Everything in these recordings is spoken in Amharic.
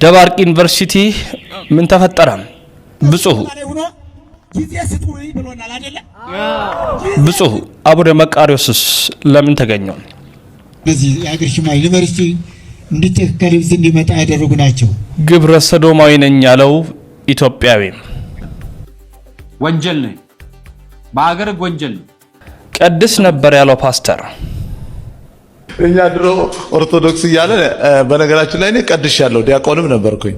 ደባርቅ ዩኒቨርሲቲ ምን ተፈጠረ? ብፁዕ ብፁዕ አቡነ መቃሪዎስስ ለምን ተገኘው? በዚህ የአገር ሽማ ዩኒቨርሲቲ እንድትከከል ብዝ እንዲመጣ ያደረጉ ናቸው። ግብረ ሰዶማዊ ነኝ ያለው ኢትዮጵያዊ ወንጀል ነኝ፣ በአገር ወንጀል ነው። ቀድስ ነበር ያለው ፓስተር እኛ ድሮ ኦርቶዶክስ እያለ በነገራችን ላይ እኔ ቀድሻለሁ፣ ዲያቆንም ነበርኩኝ።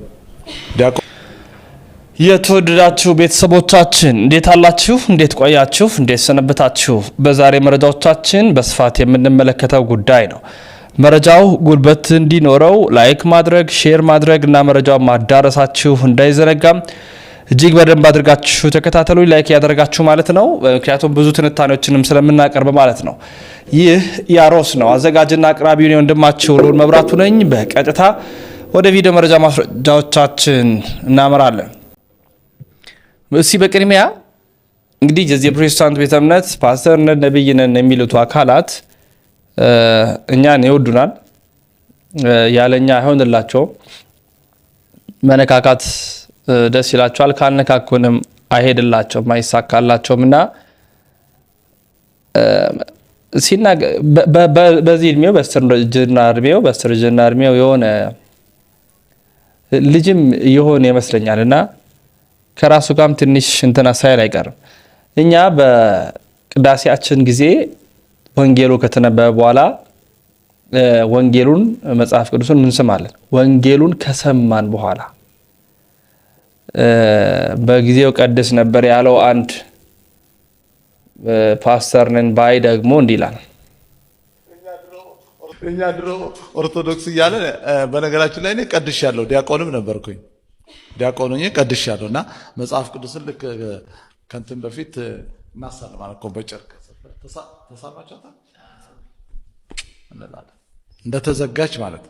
የተወደዳችሁ ቤተሰቦቻችን እንዴት አላችሁ? እንዴት ቆያችሁ? እንዴት ሰነበታችሁ? በዛሬ መረጃዎቻችን በስፋት የምንመለከተው ጉዳይ ነው። መረጃው ጉልበት እንዲኖረው ላይክ ማድረግ፣ ሼር ማድረግ እና መረጃውን ማዳረሳችሁ እንዳይዘነጋም እጅግ በደንብ አድርጋችሁ ተከታተሉ፣ ላይክ ያደረጋችሁ ማለት ነው። ምክንያቱም ብዙ ትንታኔዎችንም ስለምናቀርብ ማለት ነው። ይህ ያሮስ ነው። አዘጋጅና አቅራቢውን ወንድማችሁ ልዑል መብራቱ ነኝ። በቀጥታ ወደ ቪዲዮ መረጃ ማስረጃዎቻችን እናመራለን። እሲ በቅድሚያ እንግዲህ የዚህ የፕሮቴስታንት ቤተ እምነት ፓስተርነን ነብይነን የሚሉት አካላት እኛን ይወዱናል፣ ያለኛ አይሆንላቸውም መነካካት ደስ ይላቸዋል። ካልነካኩንም አይሄድላቸውም፣ አይሳካላቸውም እና በዚህ እድሜው በስተርጅና እድሜው በስተርጅና እድሜው የሆነ ልጅም የሆነ ይመስለኛል እና ከራሱ ጋርም ትንሽ እንትና ሳይል አይቀርም። እኛ በቅዳሴያችን ጊዜ ወንጌሉ ከተነበበ በኋላ ወንጌሉን መጽሐፍ ቅዱስን እንስማለን። ወንጌሉን ከሰማን በኋላ በጊዜው ቀድስ ነበር ያለው አንድ ፓስተር ነን ባይ ደግሞ እንዲህ ይላል። እኛ ድሮ ኦርቶዶክስ እያለ በነገራችን ላይ እኔ ቀድሻለሁ፣ ዲያቆንም ነበርኩኝ። ዲያቆኑ ሆኜ ቀድሻለሁ እና መጽሐፍ ቅዱስን ልክ ከንትን በፊት እናሳልማል እኮ በጨርቅ ተሳማቸታል እንላለን እንደተዘጋች ማለት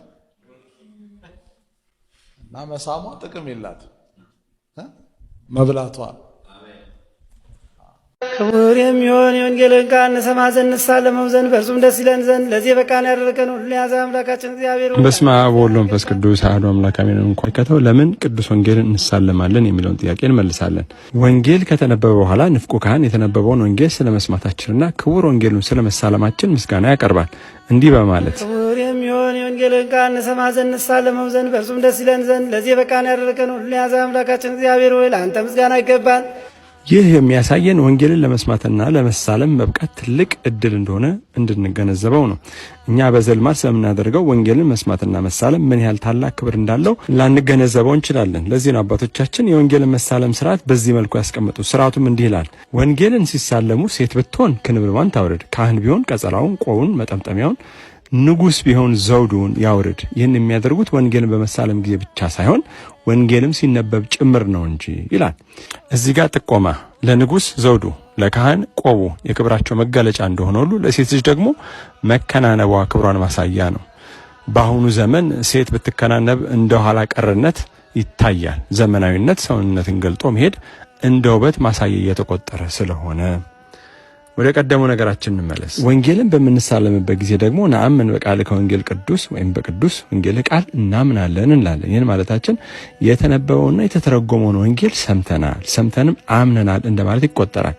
እና መሳሟ ጥቅም የላትም መብላቷ ክቡር የሚሆን የወንጌልን ቃል እንሰማ ዘንድ ንስሐ ለመብዘን በእርሱም ደስ ይለን ዘንድ ለዚህ በቃን ያደረገን ሁሉ የያዘ አምላካችን እግዚአብሔር በስመ አብ ወወልድ ወመንፈስ ቅዱስ አሐዱ አምላክ አሜን። እንኳን ከተው ለምን ቅዱስ ወንጌልን እንሳለማለን የሚለውን ጥያቄ እንመልሳለን። ወንጌል ከተነበበ በኋላ ንፍቁ ካህን የተነበበውን ወንጌል ስለመስማታችንና ክቡር ወንጌሉን ስለመሳለማችን ምስጋና ያቀርባል እንዲህ በማለት ወንጌልን ቃል እንሰማ ዘንድ ንስሐ ለመውዘን በእርሱም ደስ ይለን ዘንድ ለዚህ በቃን ያደረገን ሁሉን የያዘ አምላካችን እግዚአብሔር ሆይ ለአንተ ምስጋና ይገባል። ይህ የሚያሳየን ወንጌልን ለመስማትና ለመሳለም መብቃት ትልቅ እድል እንደሆነ እንድንገነዘበው ነው። እኛ በዘልማድ ስለምናደርገው ወንጌልን መስማትና መሳለም ምን ያህል ታላቅ ክብር እንዳለው ላንገነዘበው እንችላለን። ለዚህ ነው አባቶቻችን የወንጌልን መሳለም ስርዓት በዚህ መልኩ ያስቀመጡ። ስርዓቱም እንዲህ ይላል። ወንጌልን ሲሳለሙ ሴት ብትሆን ክንብልዋን ታውርድ፣ ካህን ቢሆን ቀጸላውን፣ ቆቡን፣ መጠምጠሚያውን ንጉስ ቢሆን ዘውዱን ያውርድ። ይህን የሚያደርጉት ወንጌልን በመሳለም ጊዜ ብቻ ሳይሆን ወንጌልም ሲነበብ ጭምር ነው እንጂ ይላል። እዚህ ጋር ጥቆማ ለንጉስ ዘውዱ፣ ለካህን ቆቡ የክብራቸው መገለጫ እንደሆነ ሁሉ ለሴት ልጅ ደግሞ መከናነቧ ክብሯን ማሳያ ነው። በአሁኑ ዘመን ሴት ብትከናነብ እንደ ኋላ ቀርነት ይታያል። ዘመናዊነት ሰውነትን ገልጦ መሄድ እንደ ውበት ማሳያ እየተቆጠረ ስለሆነ ወደ ቀደመው ነገራችን እንመለስ። ወንጌልን በምንሳለምበት ጊዜ ደግሞ ነአምን በቃል ከወንጌል ቅዱስ ወይም በቅዱስ ወንጌል ቃል እናምናለን እንላለን። ይህን ማለታችን የተነበበውና የተተረጎመውን ወንጌል ሰምተናል፣ ሰምተንም አምነናል እንደማለት ይቆጠራል።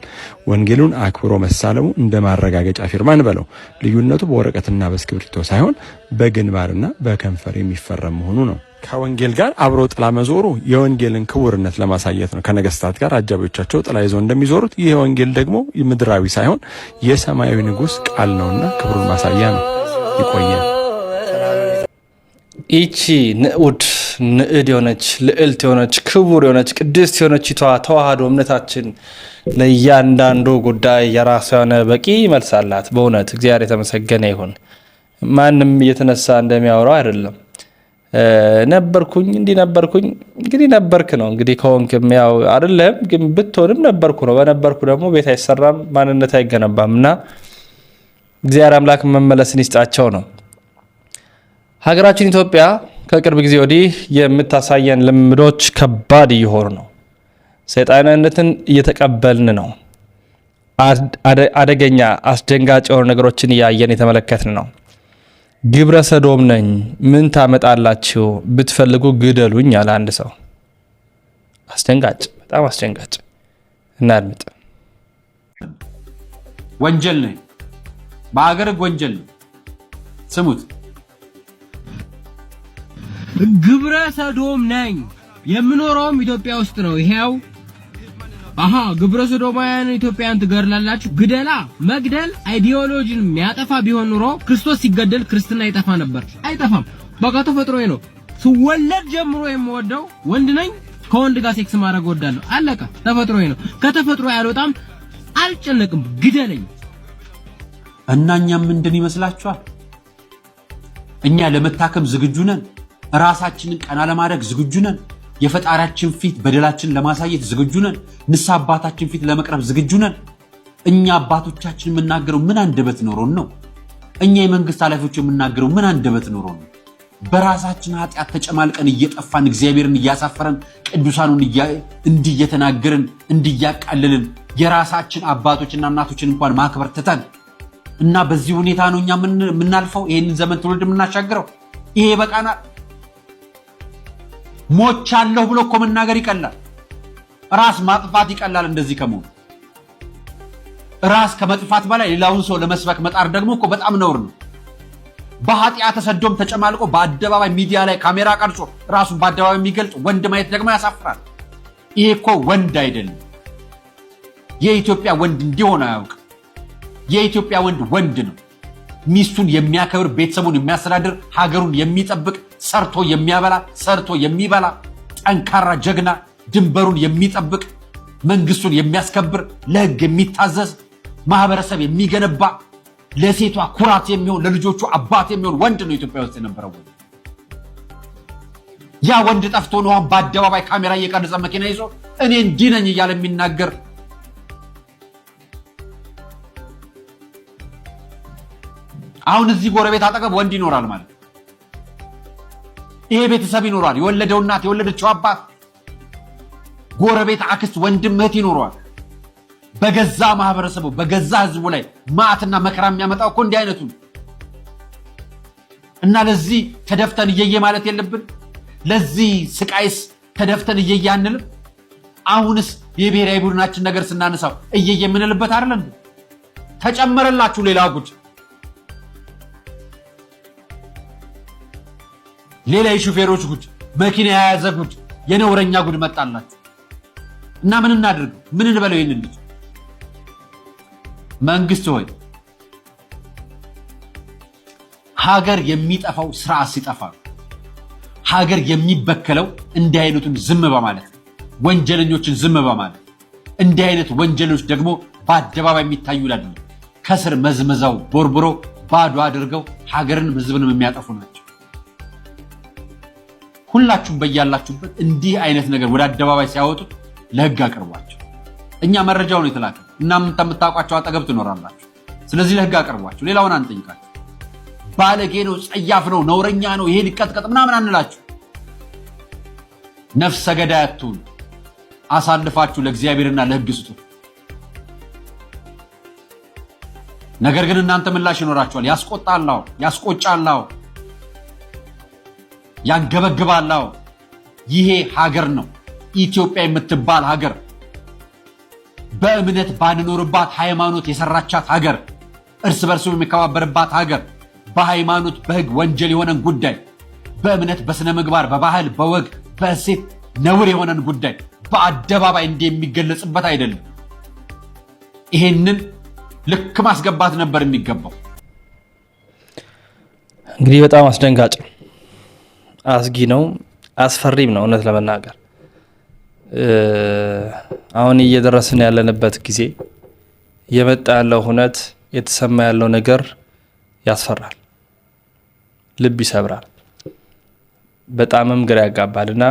ወንጌሉን አክብሮ መሳለሙ እንደ ማረጋገጫ ፊርማ እንበለው። ልዩነቱ በወረቀትና በእስክሪብቶ ሳይሆን በግንባርና በከንፈር የሚፈረም መሆኑ ነው። ከወንጌል ጋር አብሮ ጥላ መዞሩ የወንጌልን ክቡርነት ለማሳየት ነው። ከነገስታት ጋር አጃቢዎቻቸው ጥላ ይዘው እንደሚዞሩት ይህ ወንጌል ደግሞ ምድራዊ ሳይሆን የሰማያዊ ንጉሥ ቃል ነውና ክብሩን ማሳያ ነው። ይቆየ። ይቺ ንዑድ ንዕድ የሆነች ልዕልት የሆነች ክቡር የሆነች ቅድስት የሆነች ይቷ ተዋህዶ እምነታችን ለእያንዳንዱ ጉዳይ የራሷ የሆነ በቂ መልስ አላት። በእውነት እግዚአብሔር የተመሰገነ ይሁን። ማንም እየተነሳ እንደሚያወራው አይደለም። ነበርኩኝ እንዲህ ነበርኩኝ። እንግዲህ ነበርክ ነው እንግዲህ ከሆንክም ያው አይደለም ግን ብትሆንም ነበርኩ ነው። በነበርኩ ደግሞ ቤት አይሰራም፣ ማንነት አይገነባም እና እግዚአብሔር አምላክ መመለስን ይስጣቸው ነው። ሀገራችን ኢትዮጵያ ከቅርብ ጊዜ ወዲህ የምታሳየን ልምዶች ከባድ እየሆኑ ነው። ሰይጣንነትን እየተቀበልን ነው። አደገኛ አስደንጋጭ የሆኑ ነገሮችን እያየን የተመለከትን ነው። ግብረ ሰዶም ነኝ፣ ምን ታመጣላችሁ? ብትፈልጉ ግደሉኝ አለ አንድ ሰው። አስደንጋጭ፣ በጣም አስደንጋጭ። እናድምጥ። ወንጀል ነኝ፣ በሀገር ህግ ወንጀል ነው። ስሙት። ግብረ ሰዶም ነኝ፣ የምኖረውም ኢትዮጵያ ውስጥ ነው። ይሄው አሀ ግብረ ሶዶማውያን ኢትዮጵያን ትገርላላችሁ። ግደላ መግደል አይዲዮሎጂን የሚያጠፋ ቢሆን ኑሮ ክርስቶስ ሲገደል ክርስትና ይጠፋ ነበር። አይጠፋም። በቃ ተፈጥሮዬ ነው። ስወለድ ጀምሮ የምወደው ወንድ ነኝ። ከወንድ ጋር ሴክስ ማድረግ ወዳለሁ አለቀ። ተፈጥሮ ነው። ከተፈጥሮ ያልወጣም አልጨነቅም። ግደለኝ። እና እኛም ምንድን ይመስላችኋል? እኛ ለመታከም ዝግጁ ነን። ራሳችንን ቀና ለማድረግ ዝግጁ ነን። የፈጣሪያችን ፊት በደላችን ለማሳየት ዝግጁ ነን። ንስሐ አባታችን ፊት ለመቅረብ ዝግጁ ነን። እኛ አባቶቻችን የምናገረው ምን አንደበት ኖሮን ነው? እኛ የመንግስት ኃላፊዎች የምናገረው ምን አንደበት ኖሮን ነው? በራሳችን ኃጢአት ተጨማልቀን እየጠፋን እግዚአብሔርን እያሳፈረን ቅዱሳኑን እንዲህ እየተናገርን እንዲያቃልልን የራሳችን አባቶችና እናቶችን እንኳን ማክበር ትተን እና በዚህ ሁኔታ ነው እኛ የምናልፈው ይህንን ዘመን ትውልድ የምናሻግረው። ይሄ በቃናል። ሞቻለሁ ብሎ እኮ መናገር ይቀላል። ራስ ማጥፋት ይቀላል እንደዚህ ከመሆኑ ራስ ከመጥፋት በላይ ሌላውን ሰው ለመስበክ መጣር ደግሞ እኮ በጣም ነውር ነው። በኃጢአ ተሰዶም ተጨማልቆ በአደባባይ ሚዲያ ላይ ካሜራ ቀርጾ ራሱን በአደባባይ የሚገልጽ ወንድ ማየት ደግሞ ያሳፍራል። ይሄ እኮ ወንድ አይደለም። የኢትዮጵያ ወንድ እንዲሆን አያውቅም። የኢትዮጵያ ወንድ ወንድ ነው። ሚስቱን የሚያከብር ቤተሰቡን የሚያስተዳድር ሀገሩን የሚጠብቅ ሰርቶ የሚያበላ ሰርቶ የሚበላ ጠንካራ ጀግና፣ ድንበሩን የሚጠብቅ መንግስቱን የሚያስከብር ለህግ የሚታዘዝ ማህበረሰብ የሚገነባ ለሴቷ ኩራት የሚሆን ለልጆቹ አባት የሚሆን ወንድ ነው ኢትዮጵያ ውስጥ የነበረው። ያ ወንድ ጠፍቶ ነው አሁን በአደባባይ ካሜራ እየቀረጸ መኪና ይዞ እኔ እንዲህ ነኝ እያለ የሚናገር አሁን እዚህ ጎረቤት አጠገብ ወንድ ይኖራል ማለት ይሄ ቤተሰብ ይኖረዋል። የወለደው እናት፣ የወለደችው አባት፣ ጎረቤት፣ አክስት፣ ወንድም፣ እህት ይኖረዋል። በገዛ ማህበረሰቡ በገዛ ህዝቡ ላይ ማዕትና መከራ የሚያመጣው እኮ እንዲህ አይነቱ እና ለዚህ ተደፍተን እየየ ማለት የለብን። ለዚህ ስቃይስ ተደፍተን እየየ አንልም። አሁንስ የብሔራዊ ቡድናችን ነገር ስናነሳው እየየ የምንልበት አይደለም። ተጨመረላችሁ ሌላ ጉድ። ሌላ የሹፌሮች ጉድ፣ መኪና የያዘ ጉድ፣ የነውረኛ ጉድ መጣላችሁ እና ምን እናድርግ? ምን እንበለው? ይህን ልጅ መንግስት ሆይ ሀገር የሚጠፋው ስርዓት ሲጠፋ ሀገር የሚበከለው እንዲህ አይነቱን ዝም በማለት ወንጀለኞችን ዝም በማለት እንዲህ አይነት ወንጀሎች ደግሞ በአደባባይ የሚታዩ ከስር መዝመዛው ቦርቡሮ ባዶ አድርገው ሀገርን ህዝብንም የሚያጠፉ ነው። ሁላችሁም በያላችሁበት እንዲህ አይነት ነገር ወደ አደባባይ ሲያወጡት ለህግ አቅርቧቸው። እኛ መረጃው ነው የተላከ እና የምታውቋቸው አጠገብ ትኖራላችሁ። ስለዚህ ለህግ አቅርቧቸው። ሌላውን አንጠይቃችሁ። ባለጌ ነው፣ ጸያፍ ነው፣ ነውረኛ ነው፣ ይሄ ሊቀጥቀጥ ምናምን አንላችሁ። ነፍሰ ገዳይ አትሁኑ። አሳልፋችሁ ለእግዚአብሔርና ለህግ ስጡ። ነገር ግን እናንተ ምላሽ ይኖራችኋል። ያስቆጣላው፣ ያስቆጫላው ያንገበግባላው። ይሄ ሀገር ነው ኢትዮጵያ የምትባል ሀገር በእምነት ባንኖርባት ሃይማኖት የሰራቻት ሀገር፣ እርስ በርሱ የሚከባበርባት ሀገር፣ በሃይማኖት በህግ ወንጀል የሆነን ጉዳይ በእምነት በሥነ ምግባር በባህል በወግ በእሴት ነውር የሆነን ጉዳይ በአደባባይ እንዲህ የሚገለጽበት አይደለም። ይሄንን ልክ ማስገባት ነበር የሚገባው። እንግዲህ በጣም አስደንጋጭ አስጊ ነው፣ አስፈሪም ነው። እውነት ለመናገር አሁን እየደረስን ያለንበት ጊዜ የመጣ ያለው እውነት የተሰማ ያለው ነገር ያስፈራል፣ ልብ ይሰብራል፣ በጣምም ግራ ያጋባል እና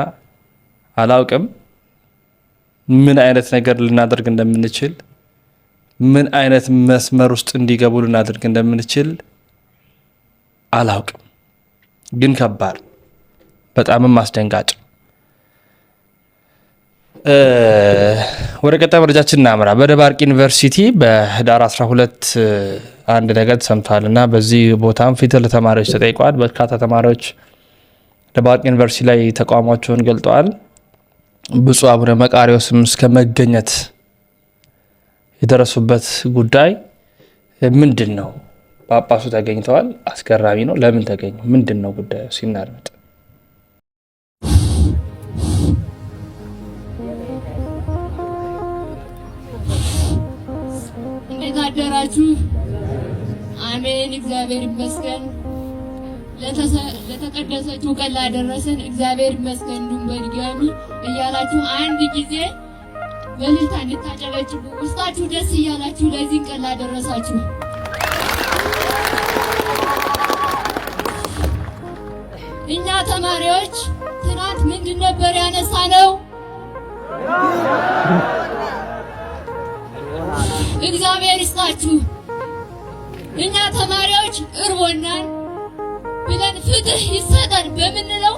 አላውቅም ምን አይነት ነገር ልናደርግ እንደምንችል ምን አይነት መስመር ውስጥ እንዲገቡ ልናደርግ እንደምንችል አላውቅም፣ ግን ከባድ በጣምም አስደንጋጭ። ወደ ቀጣይ መረጃችን እናምራ። በደባርቅ ዩኒቨርሲቲ በህዳር 12 አንድ ነገር ተሰምቷል እና በዚህ ቦታም ፊት ለተማሪዎች ተጠይቋል። በርካታ ተማሪዎች ደባርቅ ዩኒቨርሲቲ ላይ ተቃውሟቸውን ገልጠዋል። ብፁዕ አቡነ መቃሪዎስም እስከ መገኘት የደረሱበት ጉዳይ ምንድን ነው? ጳጳሱ ተገኝተዋል። አስገራሚ ነው። ለምን ተገኙ? ምንድን ነው ጉዳዩ ሲናድመጥ አደራችሁ። አሜን። እግዚአብሔር ይመስገን። ለተቀደሰችው ቀን ላደረሰን እግዚአብሔር ይመስገን። እንዲሁም በድጋሚ እያላችሁ አንድ ጊዜ በልልታ እንድታጨበጭቡ ውስጣችሁ ደስ እያላችሁ ለዚህን ቀን ላደረሳችሁ እኛ ተማሪዎች ትናንት ምንድን ነበር ያነሳ ነው? እግዚአብሔር ይስጣችሁ። እኛ ተማሪዎች እርቦናል ብለን ፍትህ ይሰጠን በምንለው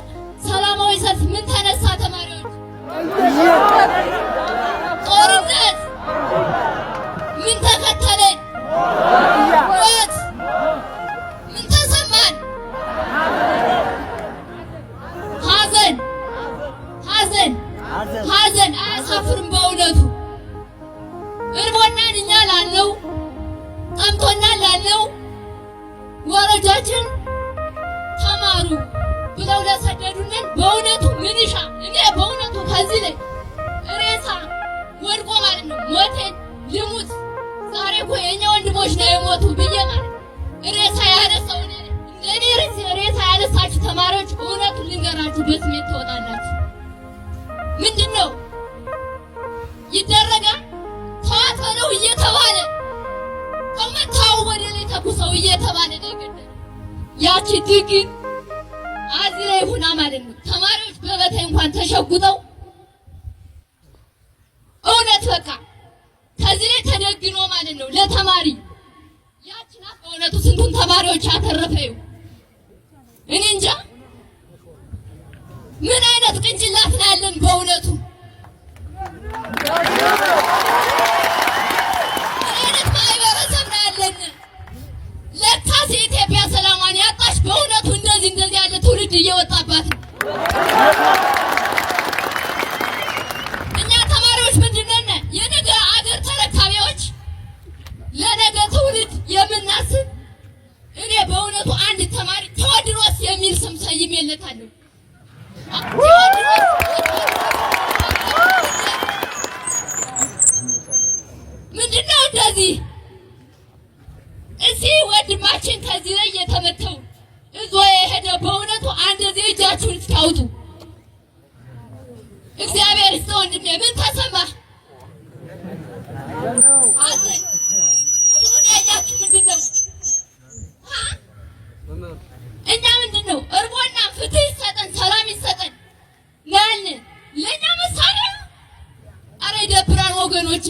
ሁለቱ በስሜት ትወጣላችሁ። ምንድን ነው ይደረጋል? ተዋጠነው እየተባለ ከመታው ወደ ላይ ተኩሰው እየተባለ ነው ያቺ ትግል አዚ ላይ ሆና ማለት ነው። ተማሪዎች በበታይ እንኳን ተሸጉጠው እውነት በቃ ከዚህ ላይ ተደግኖ ማለት ነው ለተማሪ ያቺ ናት በእውነቱ ስንቱን ተማሪዎች ያተረፈው እኔ እንጃ። ምን አይነት ቅንጅላት ነው ያለን? በእውነቱ ምን አይነት ማህበረሰብ ነው ያለን? ለካስ የኢትዮጵያ ሰላማን ያጣች በእውነቱ እኛ ምንድን ነው እርቦና ፍትህ ይሰጠን፣ ሰላም ይሰጠን ያልን ለእኛ መሳሪያ። አረ ይደብራን ወገኖች።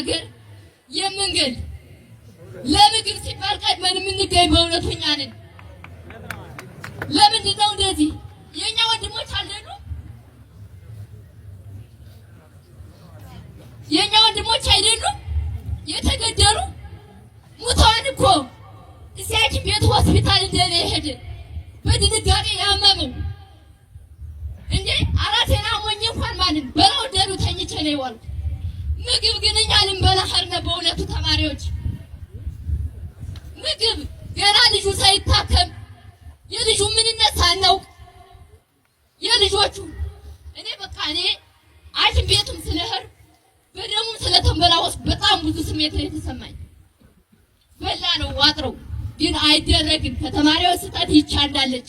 ሀገር የምንገል ለምግብ ሲባል ቀድመን የምንገኝ በእውነቱ እኛ ነን። ለምንድን ነው እንደዚህ? የእኛ ወንድሞች አልሄዱ፣ የእኛ ወንድሞች አይደሉም። ተማሪዎች ምግብ ገና ልጁ ሳይታከም የልጁ ምንነት ሳናውቅ የልጆቹ እኔ በቃ እኔ ሐኪም ቤቱም ስለህር በደሙም ስለተንበላወስ በጣም ብዙ ስሜት ነው የተሰማኝ። በላ ነው ዋጥረው ግን አይደረግም። ከተማሪዎች ስጠት ይቻላለች።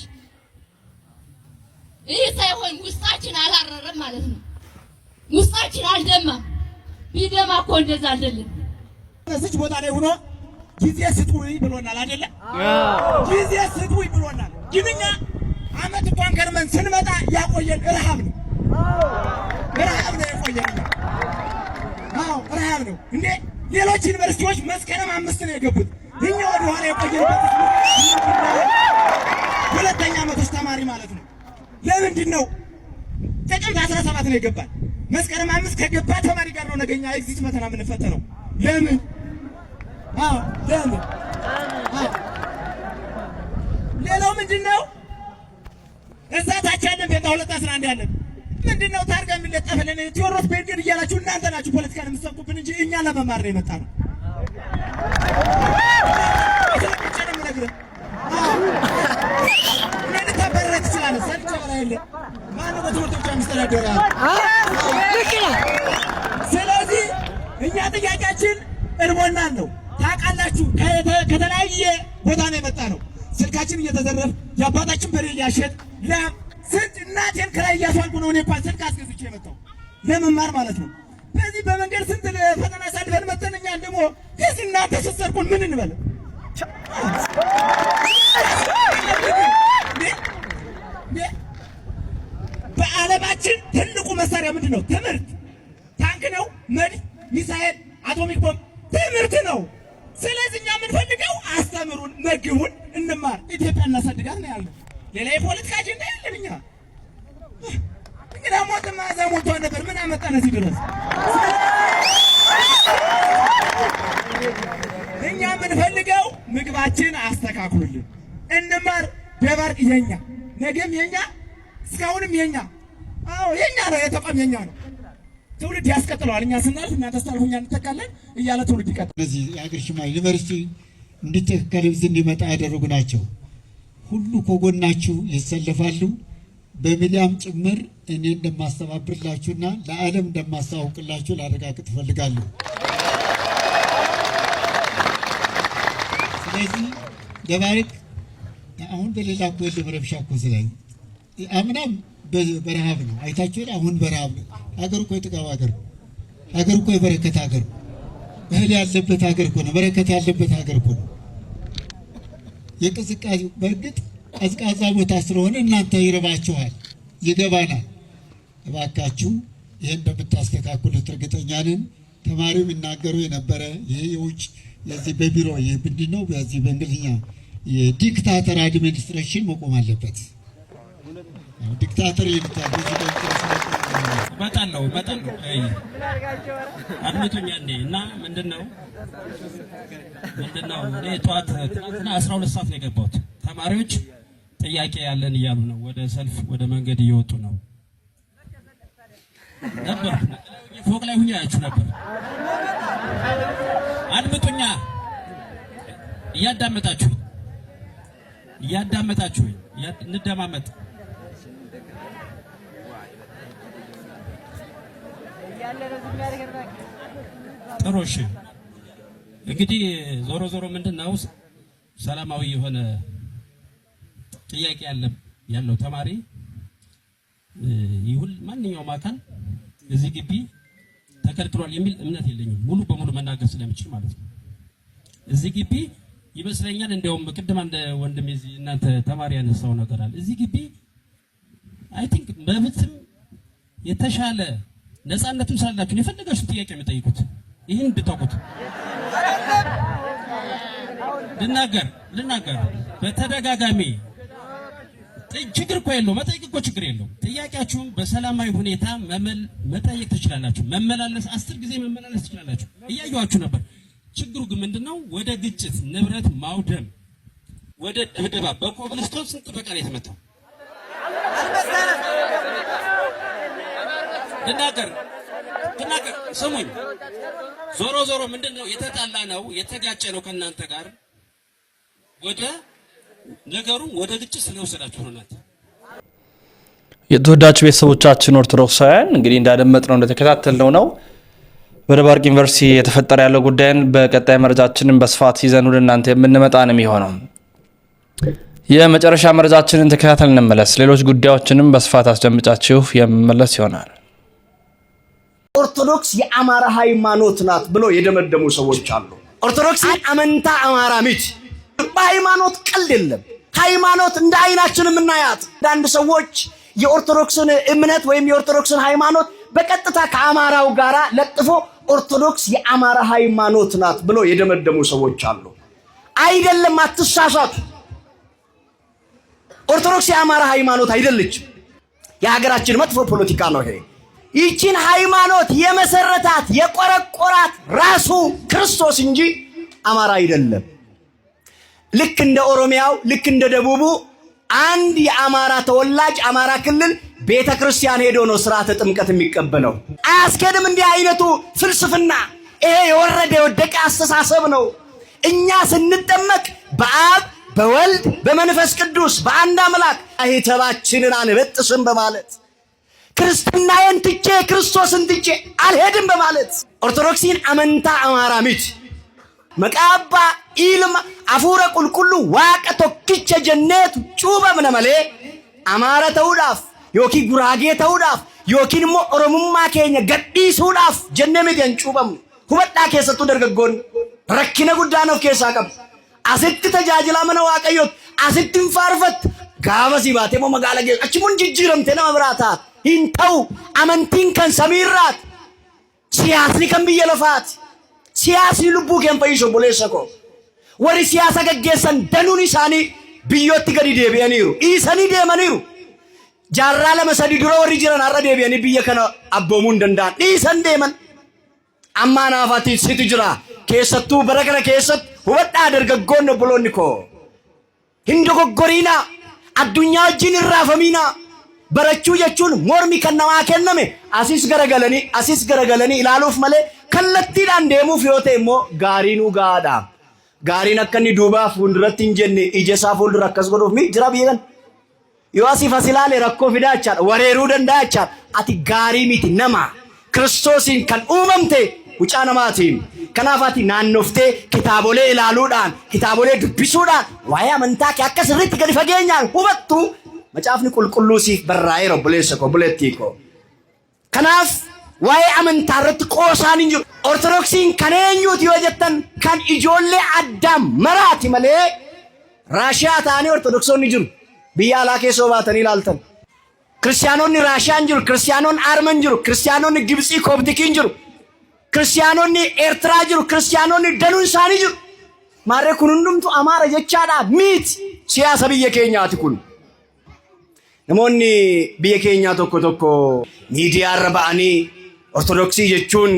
ይህ ሳይሆን ውስጣችን አላረረም ማለት ነው። ውስጣችን አልደማም። ቢደማ እኮ እንደዛ አይደለም። እዚች ቦታ ላይ ሆኖ ጊዜ ስጡኝ ብሎናል አይደለም? ጊዜ ስጡኝ ብሎናል። ግን እኛ አመት እንኳን ከርመን ስንመጣ ያቆየን ረሃብ ነው። ረሃብ ነው ያቆየን። አዎ ረሃብ ነው እንዴ። ሌሎች ዩኒቨርሲቲዎች መስከረም አምስት ነው የገቡት። እኛ ወደ ኋላ የቆየንበት ሁለተኛ አመቶች ተማሪ ማለት ነው። ለምንድን ነው ጥቅምት አስራ ሰባት ነው የገባል። መስከረም አምስት ከገባ ተማሪ ጋር ነው ነገኛ ኤግዚት ፈተና የምንፈተነው ለምን ሌላው ምንድን ነው? እዛ ታች ያለን ቤት ሁለት አስራ አንድ ያለን ምንድን ነው ታርጋ የሚለጠፍልን ቴዎድሮስ ቤድግድ እያላችሁ እናንተ ናችሁ ፖለቲካን የምትሰብኩብን እንጂ እኛ ለመማር ነው የመጣ ነው። ስለዚህ እኛ ጥያቄያችን እርቦናን ነው ታውቃላችሁ፣ ከተለያየ ቦታ ነው የመጣ ነው። ስልካችን እየተዘረፍ የአባታችን በሬ እያሸጥ ላም ስንት እናቴን ከላይ እያስዋልኩ ነው። እኔ እንኳን ስልክ አስገዝቼ የመጣው ለመማር ማለት ነው። በዚህ በመንገድ ስንት ፈተና ሳልፈን መተን እኛን ደግሞ ከዚህ እናንተ ስትሰርቁን ምን እንበል? በዓለማችን ትልቁ መሳሪያ ምንድን ነው? ትምህርት። ታንክ ነው፣ መድፍ፣ ሚሳኤል፣ አቶሚክ ቦምብ መግቡን እንማር፣ ኢትዮጵያ እናሳድጋት ነው ያለው። ሌላ የፖለቲካ አጀንዳ የለም። እኛ እንግዳ ሞት ማዛ ሞቷ ነበር። ምን አመጣን እዚህ ድረስ? እኛ የምንፈልገው ምግባችን አስተካክሉልን፣ እንማር። ደባርቅ የኛ ነገም የኛ እስካሁንም የኛ አዎ የኛ ነው። የተቋም የኛ ነው። ትውልድ ያስቀጥለዋል። እኛ ስናልፍ እናንተ ስታልፉ እኛ እንተካለን እያለ ትውልድ ይቀጥል። በዚህ የአገር ሽማግሌ ዩኒቨርሲቲ እንድትህ ከልብስ እንዲመጣ ያደረጉ ናቸው። ሁሉ ከጎናችሁ ይሰለፋሉ። በሚዲያም ጭምር እኔ እንደማስተባብርላችሁና ለዓለም እንደማስተዋውቅላችሁ ላረጋግጥ እፈልጋለሁ። ስለዚህ ደባርቅ አሁን በሌላ እኮ የለም ረብሻ እኮ ስላኝ አምናም በረሃብ ነው አይታችሁ፣ አሁን በረሃብ ነው። ሀገር እኮ የጥጋብ ሀገር ነው። ሀገር እኮ የበረከት ሀገር ነው። እህል ያለበት ሀገር እኮ ነው። በረከት ያለበት ሀገር እኮ ነው። የቅዝቃዜ በእርግጥ ቀዝቃዛ ቦታ ስለሆነ እናንተ ይርባችኋል፣ ይገባናል። እባካችሁ ይህን እንደምታስተካክሉት እርግጠኛ ነን። ተማሪው የሚናገሩ የነበረ ይህ የውጭ የዚህ በቢሮ ይህ ምንድን ነው? በዚህ በእንግሊዝኛ የዲክታተር አድሚኒስትሬሽን መቆም አለበት። ዲክታተር የሚታ መጠን ነው መጠን ነው አድምጡኝ። አንዴ እና ምንድን ነው ምንድን ነው እኔ ጠዋት ትናንትና አስራ ሁለት ሰዓት ነው የገባሁት። ተማሪዎች ጥያቄ ያለን እያሉ ነው ወደ ሰልፍ ወደ መንገድ እየወጡ ነው ነበር። ፎቅ ላይ ሁኜ አያችሁ ነበር። አድምጡኛ እያዳመጣችሁ እያዳመጣችሁ እንደማመጥ ጥሩ እሺ። እንግዲህ ዞሮ ዞሮ ምንድን ነው ሰላማዊ የሆነ ጥያቄ ያለው ተማሪ ይሁን ማንኛውም አካል እዚህ ግቢ ተከልክሏል የሚል እምነት የለኝም፣ ሙሉ በሙሉ መናገር ስለምችል ማለት ነው። እዚህ ግቢ ይመስለኛል እንዲያውም ቅድም አንድ ወንድም እናንተ ተማሪ ያነሳው ነገር አለ። እዚህ ግቢ አይ ቲንክ በብትም የተሻለ ነፃነቱን ስላላችሁ የፈለጋችሁ ጥያቄ የምጠይቁት ይህን እንድታውቁት። ልናገር ልናገር በተደጋጋሚ ችግር እኮ የለው መጠየቅ እኮ ችግር የለው። ጥያቄያችሁን በሰላማዊ ሁኔታ መጠየቅ ትችላላችሁ። መመላለስ አስር ጊዜ መመላለስ ትችላላችሁ። እያየኋችሁ ነበር። ችግሩ ግን ምንድነው? ወደ ግጭት፣ ንብረት ማውደም፣ ወደ ድብደባ በኮብልስቶን ስንት በቀን የተመታው ትናገር ትናገር። ስሙኝ፣ ዞሮ ዞሮ ምንድን ነው የተጣላ ነው የተጋጨ ነው ከእናንተ ጋር ወደ ነገሩ ወደ ግጭት ስለወሰዳችሁ ሆናት። የተወዳጅ ቤተሰቦቻችን ኦርቶዶክሳውያን እንግዲህ እንዳደመጥነው እንደተከታተልነው ነው በደባርቅ ዩኒቨርሲቲ የተፈጠረ ያለው ጉዳይን በቀጣይ መረጃችንን በስፋት ይዘን ወደ እናንተ የምንመጣ ነው የሚሆነው። የመጨረሻ መረጃችንን ተከታተል እንመለስ። ሌሎች ጉዳዮችንም በስፋት አስደምጫችሁ የምመለስ ይሆናል። ኦርቶዶክስ የአማራ ሃይማኖት ናት ብለው የደመደሙ ሰዎች አሉ። ኦርቶዶክስ አመንታ አማራ ሚት በሃይማኖት ቀልድ የለም። ሃይማኖት እንደ አይናችን የምናያት አንዳንድ ሰዎች የኦርቶዶክስን እምነት ወይም የኦርቶዶክስን ሃይማኖት በቀጥታ ከአማራው ጋራ ለጥፎ ኦርቶዶክስ የአማራ ሃይማኖት ናት ብለው የደመደሙ ሰዎች አሉ። አይደለም፣ አትሳሳቱ። ኦርቶዶክስ የአማራ ሃይማኖት አይደለችም። የሀገራችን መጥፎ ፖለቲካ ነው ይሄ። ይቺን ሃይማኖት የመሰረታት የቆረቆራት ራሱ ክርስቶስ እንጂ አማራ አይደለም። ልክ እንደ ኦሮሚያው፣ ልክ እንደ ደቡቡ አንድ የአማራ ተወላጅ አማራ ክልል ቤተ ክርስቲያን ሄዶ ነው ስርዓተ ጥምቀት የሚቀበለው። አያስኬድም እንዲህ አይነቱ ፍልስፍና። ይሄ የወረደ የወደቀ አስተሳሰብ ነው። እኛ ስንጠመቅ በአብ በወልድ በመንፈስ ቅዱስ በአንድ አምላክ አይተባችንን አንበጥስም በማለት ክርስትናዬን ትቼ ክርስቶስን ትቼ አልሄድም በማለት ኦርቶዶክሲን አመንታ አማራሚት መቃባ ኢልም አፉረ ቁልቁሉ ዋቀ ቶኪቸ ጀኔቱ ጩበ ምነመሌ አማራ ተውዳፍ ዮኪ ጉራጌ ተውዳፍ ዮኪን ሞ ኦሮሙማ ኬኛ ገዲሱዳፍ ጀነሚዲያን ጩበም ሁበጣ ኬሰቱ ደርገጎን ረኪነ ጉዳኖፍ ኬሳ ቀብ አስት ተጃጅላ መነ ዋቀዮት አስትን ፋርፈት ጋበ ሲባቴ ሞ መጋላ ጌ አችሙን ጅጅረምቴ ነመብራታት hinta'u amantiin kan samii irraati. Siyaasni kan biyya lafaati. Siyaasni lubbuu keen fayyishu obboleessa koo. Warri siyaasa gaggeessan danuun isaanii biyyootti gadi deebi'aniiru. Dhiisanii deemaniiru. Jaarraa lama sadi dura warri jiran har'a deebi'anii biyya kana abboomuu hin danda'an. Dhiisan deeman. Ammaa naafaati situ jira. Keessattuu bara kana keessatti hubadhaa dargaggoonni obboloonni koo. Hin dogoggorinaa. Addunyaa wajjin hin raafamiinaa. barachuu jechuun mormi kan namaa kenname asis garagalanii asis garagalanii ilaaluuf malee kallattiidhaan deemuuf yoo ta'e immoo gaarii gaariinuu gaadha. Gaariin akka inni duubaa fuulduratti hin jenne ija isaa fuuldura akkas godhuuf mi jira biyya kana. Yoo asiif as ilaale rakkoo fidaa jechaadha. Wareeruu danda'a jechaadha. Ati gaarii miti nama kiristoosiin kan uumamte mucaa namaatiin. Kanaaf ati naannoftee kitaabolee ilaaluudhaan kitaabolee dubbisuudhaan waa'ee amantaa kee akka sirriitti gadi fageenyaan hubattu Macaafni qulqulluusiif barraa'ee jiru buleessa koo buleettii koo. Kanaaf waa'ee amantaa irratti qoosaan hin jiru. Ortodoksiin kan eenyuuti yoo jettan kan ijoollee addaan maraati malee raashiyaa ta'anii ortodoksoonni jiru. Biyya alaa keessoo baatanii ilaaltan. Kiristaanonni raashiyaan jiru, kiristaanonni arman jiru, kiristaanonni gibsii koobtikiin jiru, kiristaanonni eertiraa jiru, kiristaanonni danuun isaanii jiru. Maarree kun hundumtu amaara jechaadhaa miiti siyaasa biyya keenyaati kun. Namoonni biyya keenyaa tokko tokko miidiyaarra ba'anii ortodoksii jechuun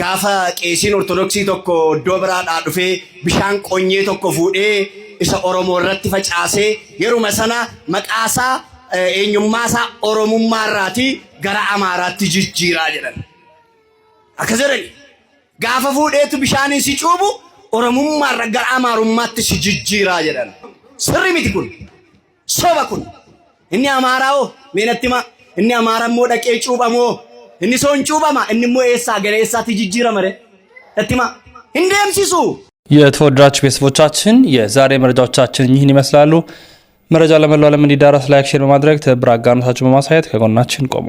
gaafa qeesiin ortodoksii tokko iddoo biraadhaa dhufee bishaan qonyee tokko fuudhee isa Oromoo irratti facaasee yeruma sana isaa e, eenyummaasaa Oromummaarraati gara Amaaraatti jijjiiraa jedhan. Akka jedhani gaafa fuudheetu bishaanii si cuubu Oromummaarra gara Amaarummaatti si jijjiiraa jedhan. Sirri miti kun soba kun. inni amaaraa'o meenattima inni amaarammoo dhaqee cuuphamoo inni soon cuuphama innimmoo eessaa gara eessaatti jijjiiramare ittima hin deemsisu። የተወደዳችሁ ቤተሰቦቻችን የዛሬ መረጃዎቻችን ይህን ይመስላሉ። መረጃ ለመላው ዓለም እንዲዳረስ ላይክ፣ ሼር በማድረግ ትብብር አጋርነታችሁን በማሳየት ከጎናችን ቆሙ።